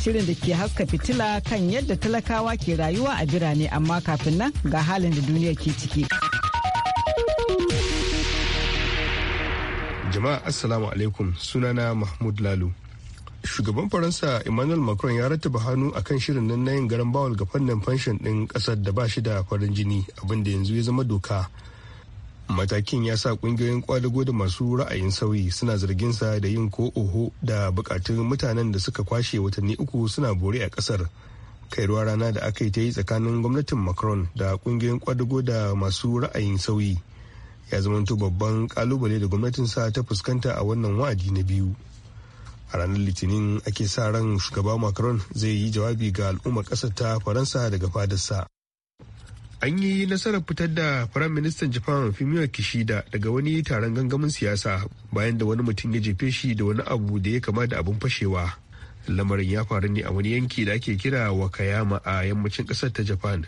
shirin da ke haska fitila kan yadda talakawa ke rayuwa a birane amma kafin nan ga halin da duniya ke ciki. Jama'a Assalamu alaikum sunana Mahmud Lalu. Shugaban Faransa Emmanuel Macron ya rattaba hannu a kan shirin nan na yin garan bawal ga fannin fanshin ɗin ƙasar da ba shi da farin jini abinda yanzu ya zama doka matakin ya sa kungiyoyin kwadago da masu ra'ayin sauyi suna zargin sa da yin ko oho da bukatun mutanen da suka kwashe watanni uku suna bore a kasar kai ruwa rana da aka yi ta yi tsakanin gwamnatin macron da kungiyoyin kwadago da masu ra'ayin sauyi ya zamanto babban kalubale da gwamnatin sa ta fuskanta a wannan wa'adi na biyu a ranar litinin ake sa ran shugaba macron zai yi jawabi ga al'ummar ƙasar ta faransa daga fadarsa an yi nasarar fitar da firayim ministan japan fumio kishida daga wani taron gangamin siyasa bayan da wani mutum ya jefe shi da wani abu da ya kama da abin fashewa lamarin ya faru ne a wani yanki da ake kira wa kayama a yammacin kasar ta japan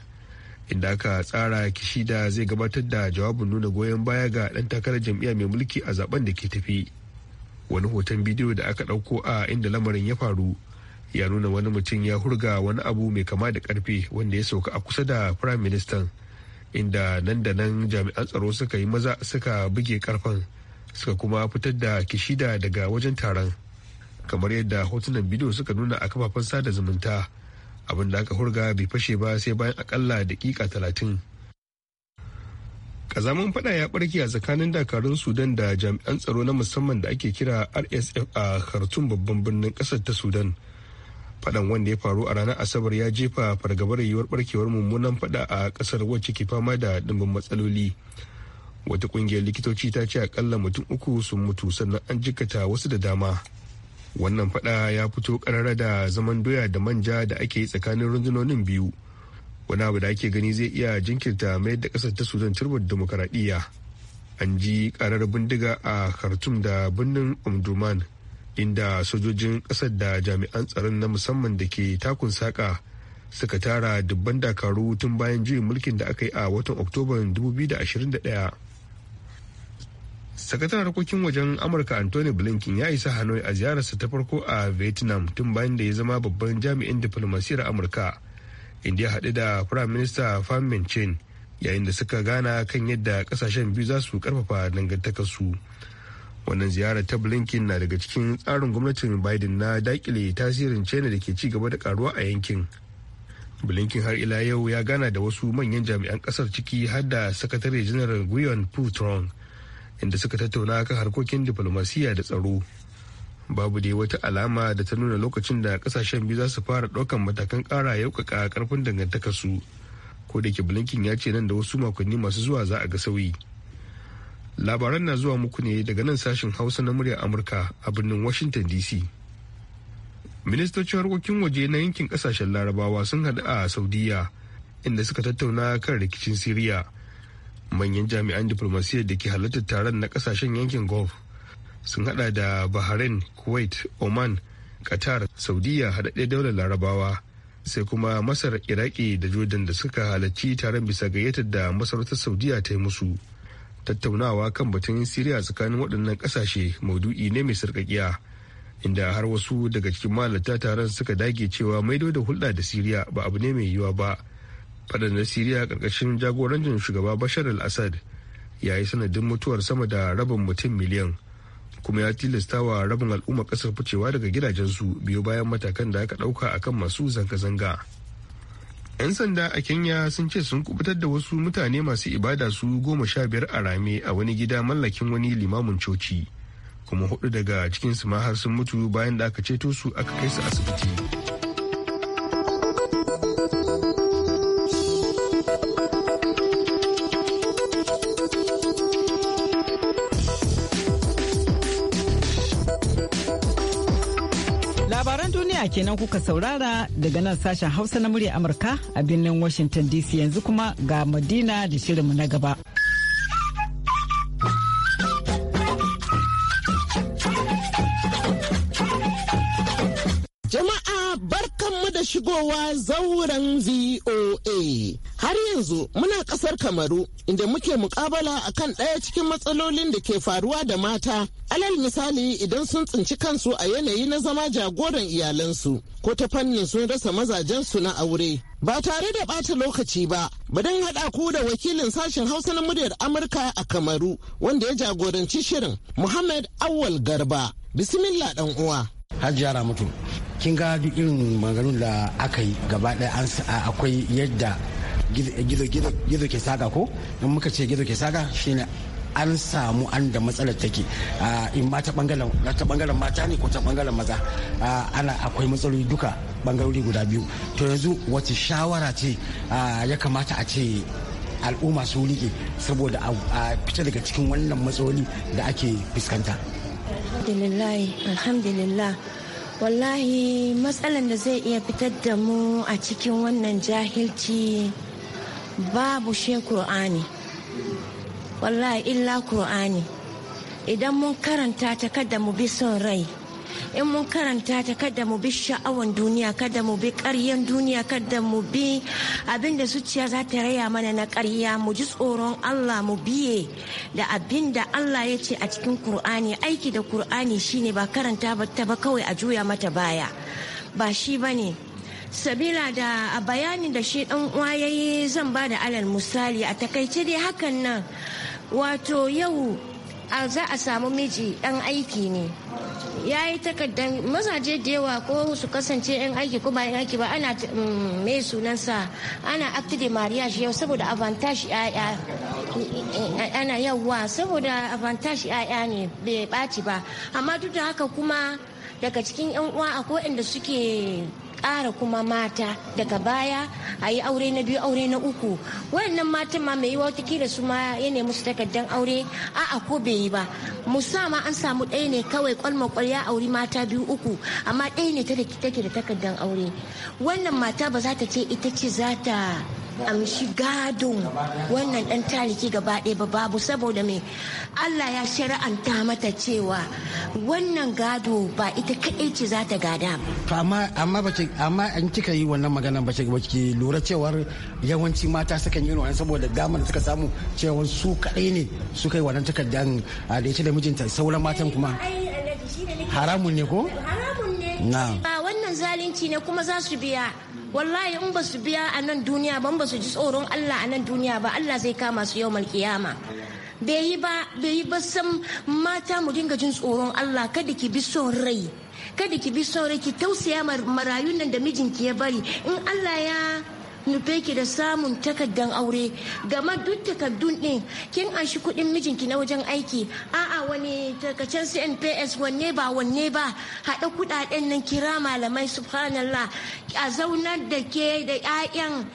inda aka tsara kishida zai gabatar da jawabin nuna goyon baya ga ɗan takarar jam'iyya mai mulki a zaben da ke tafi wani hoton bidiyo da aka ɗauko a inda lamarin ya faru ya nuna wani mutum ya hurga wani abu mai kama da karfe wanda ya sauka a kusa da prime minister inda nan da nan jami'an tsaro suka yi maza suka buge karfen suka kuma fitar da kishida daga wajen taron kamar yadda hotunan bidiyo suka nuna a kafafen sada zumunta abin da aka hurga bai fashe ba sai bayan akalla dakika talatin kazamin fada ya barke a tsakanin dakarun sudan da jami'an tsaro na musamman da ake kira rsf a khartoum babban birnin kasar ta sudan fadan wanda ya faru a ranar asabar ya jefa fargabar yiwuwar barkewar mummunan fada a kasar wacce ke fama da dimbin matsaloli wata kungiyar likitoci ta ce akalla mutum uku sun mutu sannan an jikata wasu da dama wannan fada ya fito karara da zaman doya da manja da ake yi tsakanin rundunonin biyu wani abu da ake gani zai iya jinkirta mayar da kasar ta sudan turbar demokaradiyya an ji karar bindiga a khartoum da birnin umduman inda sojojin ƙasar da jami'an tsaron na musamman da ke takun saƙa suka tara dubban dakaru tun bayan juyin mulkin da aka yi a watan oktoba 2021 sakataren harkokin wajen amurka anthony blinken ya isa hanoi a ziyararsa ta farko a vietnam tun bayan da ya zama babban jami'in diplomasiyar amurka inda ya haɗu da prime minister pham min yayin da suka gana kan yadda kasashen biyu za su karfafa dangantakarsu su wannan ziyarar ta blinken na daga cikin tsarin gwamnatin biden na dakile tasirin china da ke ci gaba da karuwa a yankin blinken har ila yau ya gana da wasu manyan jami'an kasar ciki har da sakatare general guion putrong inda suka tattauna kan harkokin diplomasiya da tsaro babu dai wata alama da ta nuna lokacin da kasashen biyu za su fara ɗaukan matakan ƙara yaukaka karfin dangantakarsu ko da ke blinken ya ce nan da wasu makonni masu zuwa za a ga sauyi labaran na zuwa muku ne daga nan sashen hausa na muryar amurka a birnin washington dc ministocin harkokin waje na yankin kasashen larabawa sun haɗu a saudiya inda suka tattauna kan rikicin siriya manyan jami'an diplomasiyyar da ke halartar taron na kasashen yankin gulf sun hada da bahrain kuwait oman qatar saudiya haɗaɗɗen daular larabawa sai kuma masar iraki da jordan da suka halarci taron bisa gayyatar da masarautar saudiya ta yi musu tattaunawa kan batun siriya tsakanin waɗannan ƙasashe maudu'i ne mai sarƙaƙiya inda har wasu daga cikin malata taron suka dage cewa maido da hulɗa da siriya ba abu ne mai yiwuwa ba faɗan na siriya ƙarƙashin jagorancin shugaba bashar al-assad ya yi sanadin mutuwar sama da rabin mutum miliyan kuma ya tilasta wa rabin al'umma ƙasar ficewa daga gidajensu biyu bayan matakan da aka ɗauka akan masu zanga-zanga. 'Yan sanda a Kenya sun ce sun kubutar da wasu mutane masu ibada su goma sha biyar a rame a wani gida mallakin wani limamin coci. Kuma hudu daga cikinsu ma har sun mutu bayan da aka ceto su aka kai su asibiti. kenan kuka saurara daga nan sashen Hausa na murya Amurka a birnin Washington DC yanzu kuma ga Madina da shirinmu na gaba. Jama'a barkanmu da shigowa zauren VOA. Har yanzu muna kasar Kamaru inda muke mukabala akan ɗaya cikin matsalolin da ke faruwa da mata. Alal misali idan sun tsinci kansu a yanayi na zama jagoran iyalansu ko ta fannin sun rasa mazajensu na aure. Ba tare da bata lokaci ba, badan haɗa ku da wakilin sashen Hausa na muryar Amurka a Kamaru wanda ya jagoranci shirin Muhammad Awal Garba. Bismillah dan uwa. Hajiya mutum kin ga duk irin maganganun da aka yi gaba ɗaya akwai yadda gizo ke saka ko in muka ce gizo ke saka shine an samu an da matsalar take ah, in ma ta bangaren ta bangaren mata ne ko ta bangaren maza ah, ana akwai matsaloli duka bangarori guda biyu to yanzu wace shawara ce ah, ya kamata a ce al'umma su rike saboda a fita daga cikin wannan matsaloli da ake fuskanta alhamdulillah alhamdulillah wallahi matsalar da zai iya fitar da mu a cikin wannan jahilci babu shi kur'ani wallahi illa kur'ani idan mun karanta ta kada mu bi son rai in mun karanta ta kada mu bi sha'awan duniya kada mu bi karyan duniya kada mu bi abinda da zuciya za ta raya mana na karya mu ji tsoron Allah mu biye da abinda Allah ya ce a cikin Kur'ani aiki da ƙur'ani shine ba karanta ba ta ba kawai a juya mata baya ba shi ba ne. sabila da a bayani da shi dan yayi zan ba da alal misali a takaice dai hakan nan wato yau a za a samu miji dan aiki ne ya yi takardar mazaje da yawa ko su kasance yan aiki ko ba yan aiki ba ana mai mm, sunansa ana akti da shi yau saboda avantage yaya ana yawa saboda avantage yaya ne bai ɓaci ba amma duk da haka kuma daga cikin yan uwa akwai inda suke ƙara kuma mata daga baya a yi aure na biyu aure na uku waɗannan matan ma mai wata watakila su ma ya ne musu takardar aure a'a ko bai yi ba musamman an samu ɗaya ne kawai kwalma ya auri mata biyu uku amma ɗaya ne take da takardar aure wannan mata ba za ta ce ita ce za ta amshi gadon wannan dan tariki gaba ɗaya ba babu saboda mai Allah ya shari'anta mata cewa wannan gado ba ita kaɗai ce za ta gada amma amma bace amma an kika yi wannan magana bace ki lura cewar yawanci mata suka yi wannan saboda dama da suka samu cewa su kaɗai ne su kai wannan takardar da ita da mijinta sauran matan kuma haramun ne ko haramun ne ba wannan zalunci ne kuma za su biya wallahi in ba su biya a nan duniya ba in ba su ji tsoron Allah a nan duniya ba Allah zai kama su yau kiyama bai yi ba bai ba san mata mu dinga jin tsoron Allah kada ki bi son rai kada ki bi son rai ki tausaya marayun nan da mijinki ya bari in Allah ya nufe ki da samun takaddan aure game duk takaddun din kin anshi kudin mijinki na wajen aiki a'a wani takacen cnps wanne ba wanne ba haɗa kuɗaɗen nan kira malamai subhanallah a zaunar da ke da 'ya'yan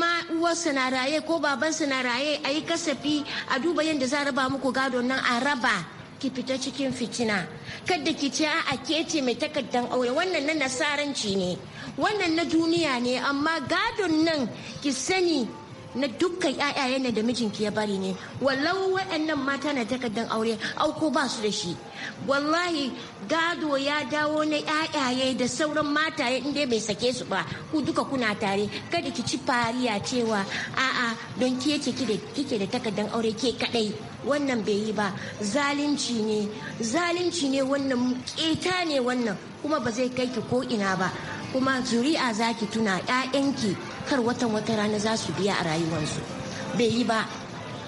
ma uwarsa na raye ko babansa na raye a yi kasafi a duba yadda za a raba muku gado nan a raba ki fita cikin fitina kada ki ce a ke ce mai takaddan aure wannan na nasaranci ne wannan na duniya ne amma gadon nan ki sani na dukkan ƴaƴayen da mijinki ya bari ne wallau waɗannan mata na takardar aure auko ba su da shi wallahi gado ya dawo na ƴaƴaye da sauran mata inda bai sake su ba ku duka kuna tare kada ki ci fariya cewa a'a don ki yace kike da takardar aure ke kadai wannan bai yi ba zalunci ne zalunci ne wannan keta ne wannan kuma ba zai kai ki ko ina ba kuma zuri'a za ki tuna 'ya'yanki kar watan wata rana za su biya a rayuwarsu bai yi ba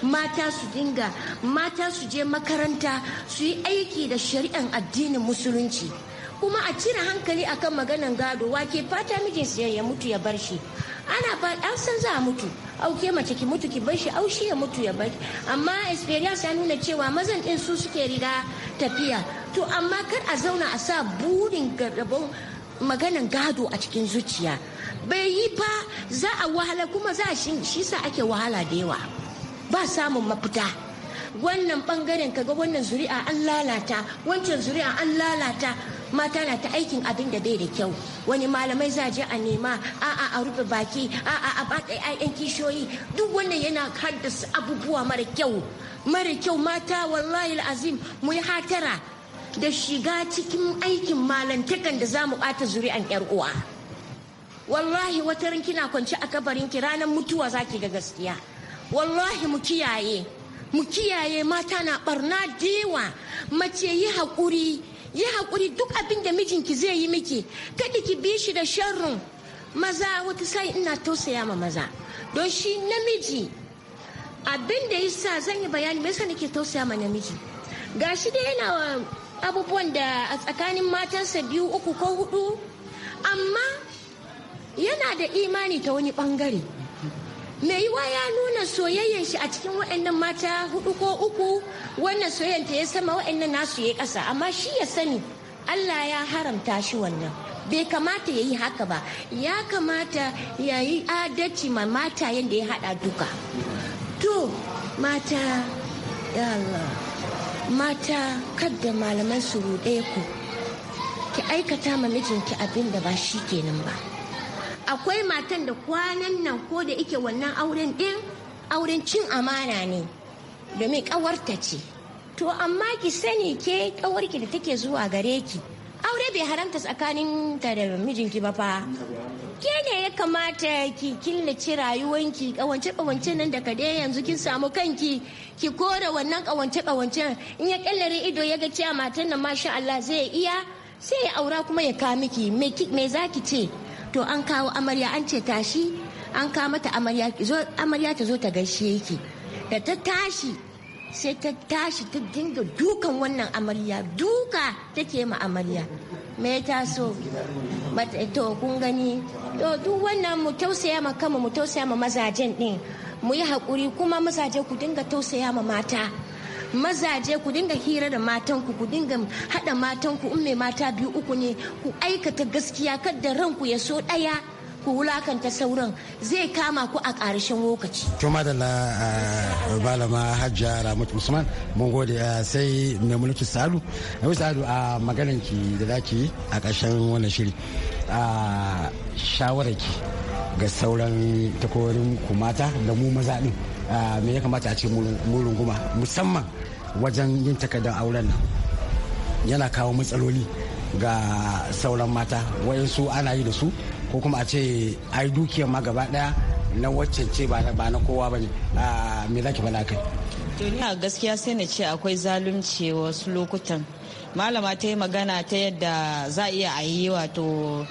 mata su dinga mata su je makaranta su yi aiki da shari'an addinin musulunci kuma a cire hankali akan maganan gado wake fata mijinsu ya mutu ya bar shi ana ba an san za a mutu auke mace ki mutu ki bar shi aushi ya mutu ya bar amma experience ya nuna cewa mazan din su suke riga tafiya to amma kar a zauna a sa burin rabon maganan gado a cikin zuciya bai yi fa za a wahala kuma za shi sa ake wahala da yawa ba samun mafita wannan bangaren kaga wannan zuri'a an lalata wancan zuri'a an lalata mata na ta aikin abin da bai da kyau wani malamai za je a nema a'a a rufe baki a'a a bata ayan kishiyoyi duk wannan yana haddasa abubuwa mara kyau mara kyau mata wallahi azim mu yi hatara da shiga cikin aikin malantakan da za mu ɓata zuri'an 'yar uwa wallahi wata kina kwanci a kabarin ki ranar mutuwa za ki ga gaskiya wallahi mu kiyaye mu kiyaye mata na barna diwa mace yi haƙuri yi haƙuri duk abin da mijinki zai yi miki kada ki bi shi da sharrun maza wata sai ina tausaya ma maza don shi namiji abin da yasa zan yi bayani me yasa nake tausaya ma namiji gashi da yana abubuwan da a tsakanin matansa biyu uku ko hudu amma yana da imani ta wani bangare mai yiwa ya nuna soyayyen shi a cikin waɗannan mata hudu ko uku wannan soyayyen ta ya sama waɗannan nasu ya ƙasa amma shi ya sani allah ya haramta shi wannan bai kamata ya yi haka ba ya kamata ya yi adalci ma mata yadda ya haɗa duka to mata ya Allah mata kadda malaman su ruɗe ku ki aikata ma mijinki abin da ba shi kenan ba akwai matan da kwanan nan ko da ike wannan auren ɗin auren cin amana ne domin ƙawarta ce to amma ki sani ke ƙawarki da take zuwa gare ki aure bai haramta tsakanin ta da mijinki ba fa ke ne ya kamata ki killace rayuwanki kawance kawance nan da dai yanzu kin samu kanki ki kore wannan kawance kawance in ya kallare ido ya ga cewa matan nan masha Allah zai iya sai ya aura kuma ya ka miki me zaki ce to an kawo amarya an ce tashi an kawo mata amarya amarya ta zo ta gaishe ki da ta tashi sai ta tashi ta dinga dukan wannan amarya duka take ma amarya me ta so Eh, to kun gani to duk wannan mu tausaya ma kama mu tausaya ma mazajen din mu yi hakuri kuma mazaje ku dinga tausaya ma mata mazaje ku dinga hira da matanku ku dinga haɗa matanku in mai mata biyu uku ne ku aikata gaskiya kada ranku ya so ɗaya ku wulakanta sauran zai kama ku a ƙarshen lokaci. To madalla balama eh, hajja Ramatu Usman mun gode eh, sai mai mulki Salu. Mai Salu a maganan ki da zaki a ƙarshen wannan shiri. A ki ga sauran takwarorin ku mata da mu maza din me ya kamata a ce mu runguma musamman wajen yin takardar auren nan yana kawo matsaloli ga sauran mata wayansu ana yi da su ko kuma a ce a yi dukiyar ma gaba daya na waccan ba na kowa ba ne me zaki bala kai to a gaskiya sai na ce akwai zalunci wasu lokutan malama ta yi magana ta yadda za a iya a yi wato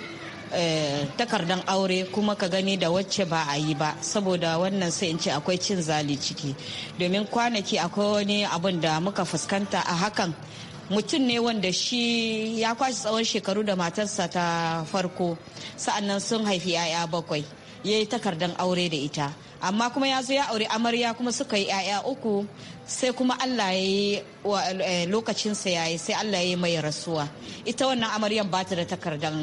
eh, takardan aure kuma ka gani da wacce ba a yi ba saboda wannan sai in ce akwai cin zali ciki domin kwanaki akwai wani abun da muka fuskanta a hakan mutum ne wanda shi ya kwashe tsawon shekaru da matarsa ta farko sa'annan sun haifi 'ya'ya bakwai ya yi takardar aure da ita amma kuma ya zo ya aure amarya kuma suka yi 'ya'ya uku sai kuma allah ya yi eh, lokacinsa ya yi sai allah ya yi mai rasuwa ita wannan amaryan ba ta da takardar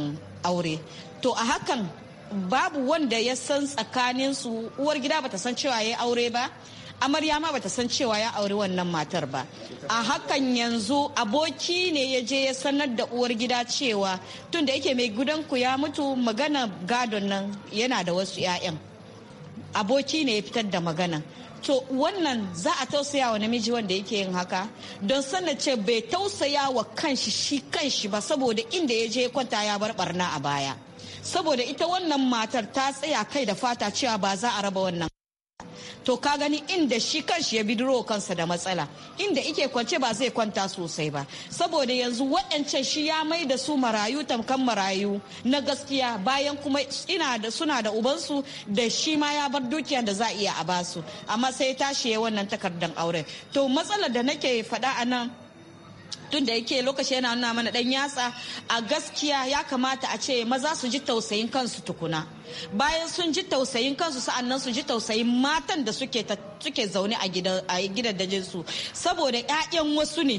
aure to a hakan babu wanda ya san tsakaninsu uwar gida ta san cewa ya yi aure ba amarya ma bata san cewa ya auri wannan matar ba a hakan yanzu aboki ne ya je ya sanar da uwar gida cewa tun da yake mai gudan ku ya mutu magana gadon nan yana da wasu 'ya'yan aboki ne ya fitar da magana to wannan za a tausaya wa namiji wanda yake yin haka don sanar ce bai tausaya wa kanshi shi kanshi ba saboda inda ya je kwanta ya bar barna a baya saboda ita wannan matar ta tsaya kai da fata cewa ba za a raba wannan to ka gani inda shi kanshi ya bidiro kansa da matsala inda ike kwance ba zai kwanta sosai ba saboda yanzu waɗancan shi ya mai da su marayu tamkan marayu na gaskiya bayan kuma ina da suna da ubansu da shi ma ya bar dukiya da za a iya a basu amma sai tashi ya wannan takardar aure to matsalar da nake faɗa anan. tun da yake lokaci yana nuna mana dan yatsa a gaskiya ya kamata a ce maza su ji tausayin kansu tukuna bayan sun ji tausayin kansu sa'annan su ji tausayin matan da suke suke zaune a gidajen su saboda 'ya'yan wasu ne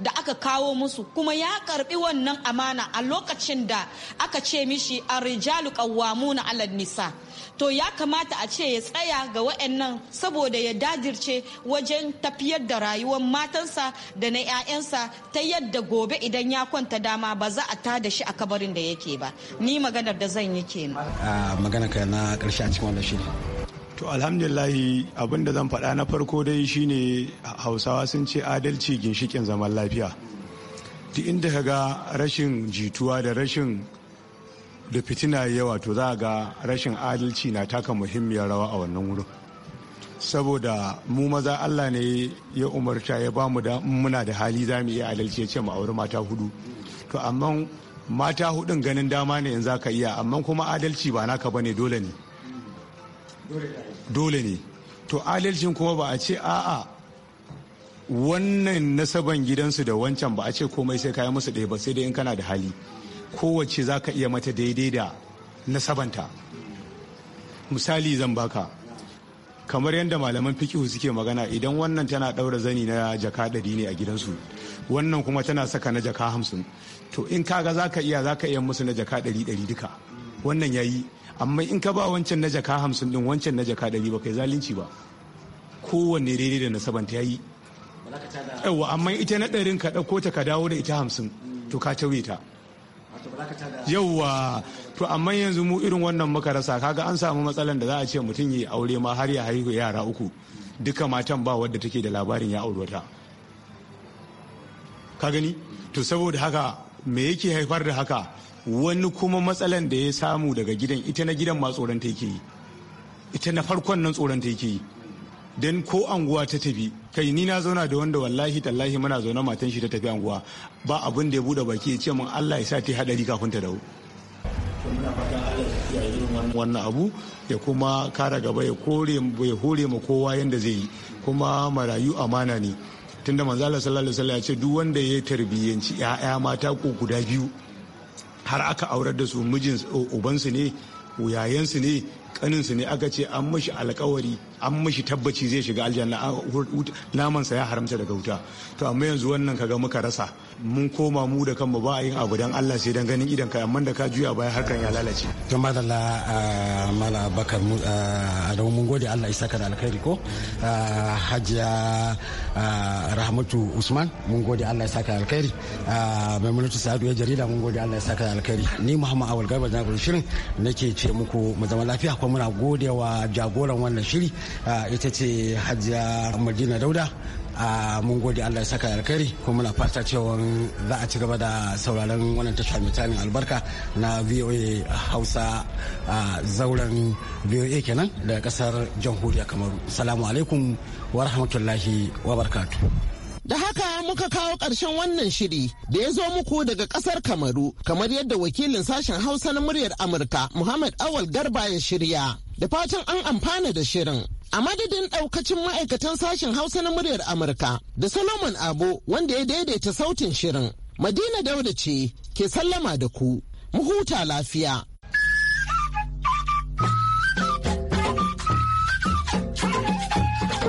da aka kawo musu kuma ya karbi wannan amana a lokacin da aka ce mishi a rijalu kawamuna na nisa to ya kamata a ce ya tsaya ga wa'annan saboda ya dajirce wajen tafiyar da rayuwar matansa da na 'ya'yansa ta yadda gobe idan ya kwanta dama ba za a tada shi a kabarin da yake ba ni maganar da zan yi ke magana ka karshe a cikin To alhamdulillahi abin da zan faɗa na farko dai shine hausawa sun ce adalci ginshikin zaman lafiya. Duk inda ka ga rashin jituwa da rashin da fitina yawa to za ga rashin adalci na taka muhimmiyar rawa a wannan wurin saboda mu maza allah ne ya umarta ya ba mu da muna da hali za mu iya adalci ya ce mu auri mata hudu to amma mata hudun ganin dama ne yanzu ka iya amma kuma adalci ba naka bane dole ne dole ne to adalcin kuma ba a ce a'a wannan nasaban gidansu da wancan ba a ce komai sai kayan musu ɗaya ba sai dai in kana da hali kowace za ka iya mata daidai da nasabanta misali zan baka kamar yadda malaman fikihu suke magana idan wannan tana ɗaura zani na jaka ɗari ne a gidansu wannan kuma tana saka na jaka hamsin to in kaga za ka iya za ka iya musu na jaka ɗari ɗari duka wannan ya yi amma in ka ba wancan na jaka hamsin ɗin wancan na jaka ɗari ba kai zalunci ba kowanne daidai da nasabanta ya yi yawa amma ita na ɗarin ka ɗauko ta ka dawo da ita hamsin to ka tauye ta yauwa to amma yanzu mu irin wannan muka rasa kaga an samu matsalan da za a ce mutum yi aure ma har ya haihu yara uku duka matan ba wadda take da labarin ya aure wata ka gani to saboda haka me yake haifar da haka wani kuma matsalan da ya samu daga gidan ita na gidan ma tsoron ta yake yi ita na farkon nan tsoron ta yake yi dan ko anguwa ta tafi kai ni na zauna da wanda wallahi tallahi muna zaune matan shi ta tafi anguwa ba abin da ya bude baki ya ce min Allah ya sa ta hadari kafin ta dawo wannan abu ya kuma kara gaba ya kore ya hore ma kowa yanda zai yi kuma marayu amana ne tunda Allah sallallahu alaihi wasallam ya ce duk wanda ya tarbiyyanci ya'ya mata ko guda biyu har aka aurar da su mijin ubansu ne su ne kaninsu ne aka ce an mashi alkawari an mashi tabbaci zai shiga aljanna namansa ya haramta daga wuta to amma yanzu wannan kaga muka rasa mun koma mu da kanmu ba a yin abu dan Allah sai don ganin idan ka amma da ka juya baya harkan ya lalace to madalla mala bakar mu adamu mun gode Allah isa ka da alkhairi ko hajiya rahmatu usman mun gode Allah isa ka da alkhairi maimunatu sa'adu ya jarida mun gode Allah isa ka da alkhairi ni muhammad awal garba na shirin nake ce muku mu zama lafiya kuma muna gode wa jagoran wannan shiri ita ce hajiya madina dauda mun gode allah ya saka alkhairi kuma muna fata cewa za a ci gaba da sauraron wannan tasha mai albarka na voa hausa zauren voa kenan daga kasar jamhuriya kamaru salamu alaikum wa rahmatullahi wa barkatu da haka muka kawo ƙarshen wannan shiri da ya zo muku daga ƙasar Kamaru kamar yadda wakilin sashen Hausa na muryar Amurka Muhammad Awal Garba ya shirya. Da fatan an amfana da shirin. A madadin ɗaukacin ma'aikatan sashen Hausa na muryar Amurka da Solomon abu wanda ya daidaita sautin shirin. Madina Dauda ce ke sallama da ku. Mu huta lafiya.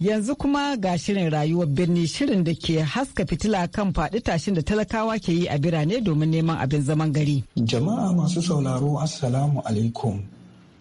Yanzu kuma ga shirin rayuwar birni shirin da ke haska fitila kan faɗi tashin da talakawa ke yi a birane domin neman abin zaman gari. Jama'a masu sauraro Assalamu alaikum.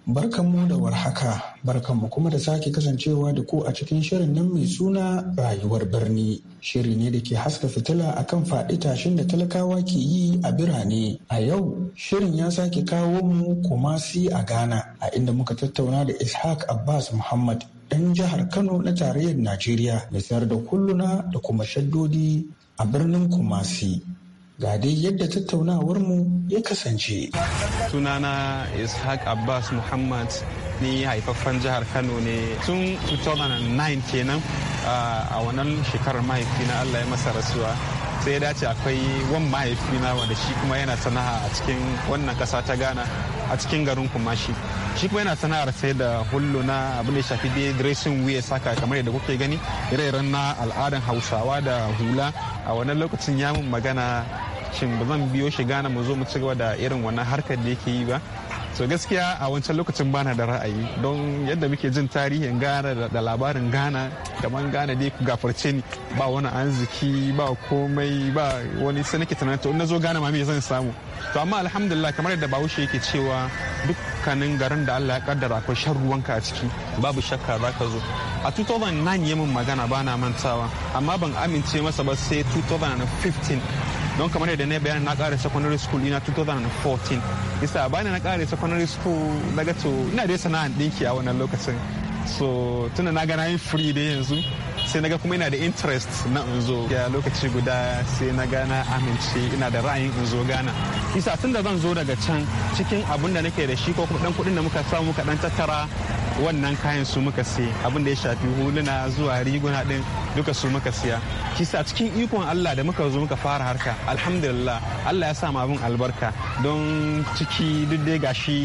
Barkanmu da warhaka, barkanmu kuma da sake kasancewa da ku a cikin shirin nan mai suna rayuwar birni. Shiri ne da ke haska fitila a kan faɗi tashin da talakawa ke yi a birane. A yau, shirin ya sake kawo mu Kumasi a Ghana, a inda muka tattauna da Ishaq Abbas Muhammad. ɗan jihar Kano na tarayyar Najeriya mai sayar da kulluna da kuma shaddodi a birnin Kumasi. Ga dai yadda tattaunawarmu ya kasance. Sunana Ishaq Abbas Muhammad ni haifaffen jihar Kano ne tun 2009 kenan ah, a wannan shekarar mahaifina Allah ya masa rasuwa. sai ya dace akwai wan mahaifina wanda shi kuma yana sana'a a cikin wannan kasa ta gana a cikin garin kumashi shi kuma yana sana'ar sai da hullu na abin da ya shafi dai dressing wear saka kamar yadda kuke gani ire-iren na al'adan hausawa da hula a wannan lokacin ya magana shin ba zan biyo shi gana mu zo mu ci gaba da irin wannan harkar da yake yi ba so gaskiya a wancan lokacin bana da ra'ayi don yadda muke jin tarihin gana da labarin gana kamar gana dai gafarce ni ba wani arziki ba komai ba wani sai nake tunanin to na zo gana ma me zan samu to amma alhamdulillah kamar yadda bahaushe yake cewa dukkanin garin da allah ya kaddara akwai shan ruwanka a ciki babu shakka za ka zo a 2009 ya min magana bana mantawa amma ban amince masa ba sai 2015 don kamar yadda na bayani na kare secondary school ina 2014 isa bayan na kare secondary school daga to ina dai sana'an dinki a wannan lokacin so tunda na ga na yi free dai yanzu sai na ga kuma ina da interest na in zo ya lokaci guda sai na gana amince ina da ra'ayin in gana isa tun da zan zo daga can cikin abin da nake da shi ko kuma dan kuɗin da muka samu ka dan tattara wannan kayan su muka sai abin da ya shafi huluna zuwa riguna din duka su muka siya kisa cikin ikon Allah da muka zo muka fara harka alhamdulillah Allah ya sa mu abin albarka don ciki duk dai gashi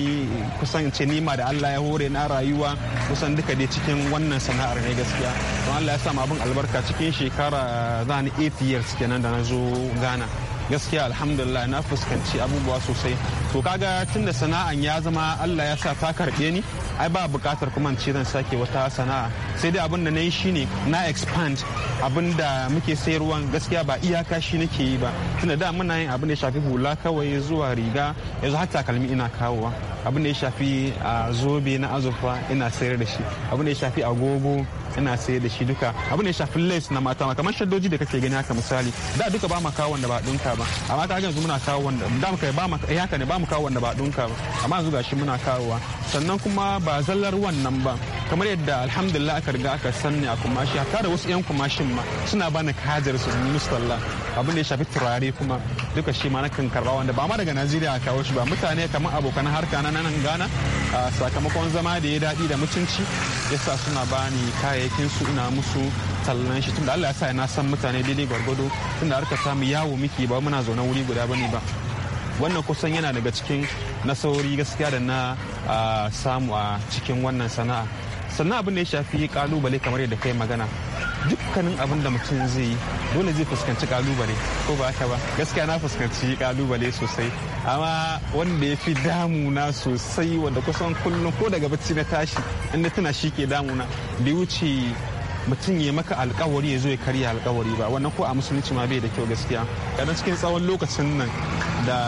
kusan ce nima da Allah ya hore na rayuwa kusan duka dai cikin wannan sana'ar ne gaskiya Allah ya samu abin albarka cikin shekara zani ni 8 years kenan da na zo Ghana gaskiya alhamdulillah na fuskanci abubuwa sosai to kaga tun da sana'an ya zama Allah ya sa ta karɓe ni ai ba buƙatar kuma ce zan sake wata sana'a sai dai abin da na yi shine na expand abin da muke sayarwa gaskiya ba iyaka shi nake yi ba tunda da muna yin abin da ya shafi hula kawai zuwa riga yanzu har takalmi ina kawowa abin da ya shafi a ah, zobe na azurfa ina sayar da shi abin da ya shafi agogo ina sayar da shi duka abin da ya shafi lace na mata kamar shaddoji da kake gani haka misali da duka ba ma kawo wanda ba dinka ba amma ka yanzu muna kawo wanda da muka ba ma eh haka ne ba mu kawo wanda ba dinka ba amma yanzu gashi muna kawowa sannan kuma ba zallar wannan ba kamar yadda alhamdulillah aka riga aka sanni a kumashi a da wasu yan kumashin ma suna ni kajar su musalla abin da ya shafi turare kuma duka shi ma nakan karba wanda ba ma daga najeriya kawo shi ba mutane kamar abokan harka na nan gana sakamakon zama da ya daɗi da mutunci yasa suna bani kayayyakin su ina musu tallan shi tunda Allah ya sa na san mutane daidai gwargwado tunda ka samu yawo miki ba muna zaune wuri guda bane ba wannan kusan yana daga cikin nasarori gaskiya da na samu a cikin wannan sana'a sannan abin da ya shafi kalubale kamar yadda kai magana dukkanin abin da mutum zai yi dole zai fuskanci kalubale ko ba haka ba gaskiya na fuskanci kalubale sosai amma wanda ya fi damuna sosai wanda kusan kullum ko daga bacci na tashi in na tuna shi ke damuna bai wuce mutum ya maka alkawari ya zo ya karya alkawari ba wannan ko a musulunci ma bai da kyau gaskiya kadan cikin tsawon lokacin nan da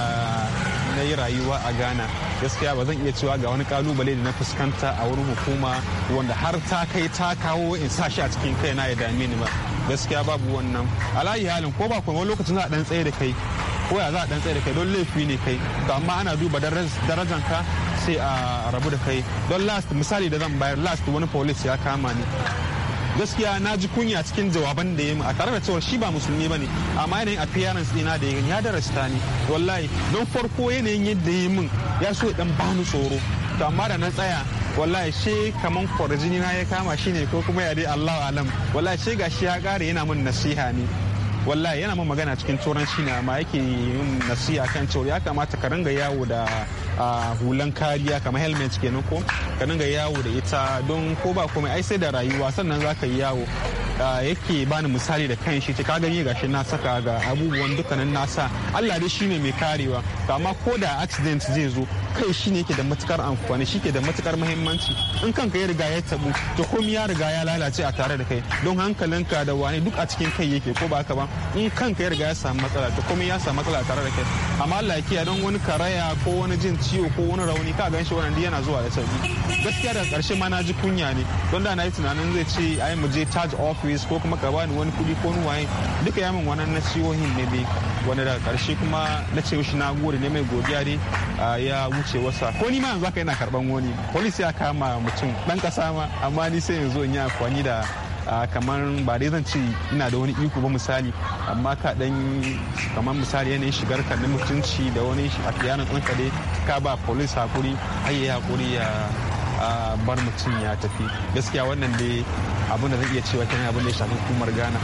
na yi rayuwa a ghana gaskiya ba zan iya cewa ga wani kalubale da na fuskanta a wurin hukuma wanda har ta kai ta kawo in sa shi a cikin kai na ya dame ni ba gaskiya babu wannan alayi halin ko ba kuma lokacin za a dan tsaye da kai ko ya za a dan tsaye da kai don laifi ne kai to amma ana duba darajan ka sai a rabu da kai don last misali da zan bayar last wani police ya kama ni gaskiya na ji kunya cikin jawaban da ya yi a tare da cewa shi ba musulmi ba ne amma yanayin appearance ɗina da ya darasta ni wallahi don farko yanayin yadda ya yi min ya so ya dan bani tsoro to amma da na tsaya wallahi she kaman kwarjini na ya kama shi ne ko kuma ya dai allah alam wallahi she gashi ya kare yana min nasiha ne wallahi yana min magana cikin turanci na ma yake yin nasiha kan cewa ya kamata ka ringa yawo da a hulan kariya kamar helmet kenan ko ka dinga yawo da ita don ko ba komai ai sai da rayuwa sannan za ka yi yawo yake bani misali da kan shi ka gani gashi na saka ga abubuwan dukkanin nasa Allah dai shine mai karewa amma ko da accident zai zo kai shi ne ke da matukar amfani shi ke da matukar mahimmanci in kanka ya riga ya tabu to komai ya riga ya lalace a tare da kai don hankalinka da wani duk a cikin kai yake ko ba ka ba in kanka ya riga ya samu matsala to komai ya samu matsala a tare da kai amma Allah ya kiyaye don wani karaya ko wani jin ciwo ko wani rauni ka gan shi wannan yana zuwa da sauki gaskiya da karshe ma na ji kunya ne don da na yi tunanin zai ce ai mu je charge office ko kuma ka bani wani kuɗi ko waye duka yamin wannan na ciwohin ne dai wani daga karshe kuma na ce shi na gode ne mai godiya dai ah, ya amincewarsa ko ni ma yanzu haka yana karban wani polis ya kama mutum dan kasa ma amma ni sai yanzu in yi amfani da kamar ba dai zan ce ina da wani iko ba misali amma ka dan kamar misali yanayin shigar ka mutunci da wani a kiyanin ɗinka dai ka ba polis hakuri hayya hakuri ya bar mutum ya tafi gaskiya wannan dai abin da zan iya cewa kenan abin da ya shafi hukumar ghana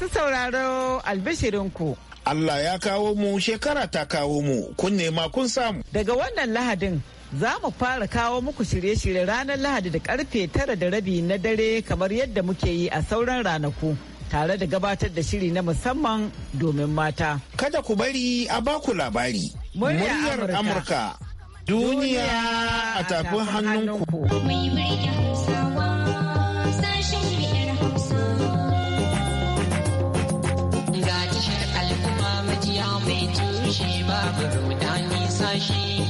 Masu sauraro albishirinku. Allah ya kawo mu shekara ta kawo mu kun nema kun samu. Daga wannan lahadin za mu fara kawo muku shirye-shirye ranar lahadi da karfe tara da rabi na dare kamar yadda muke yi a sauran ranaku. tare da gabatar da shiri na musamman domin mata. Kada ku bari a baku labari. Muryar Amurka. Duniya a tafin hannunku. Mai rubuta nisa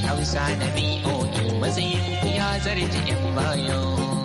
hausa na voa matsayin ya zarce 'yan bayan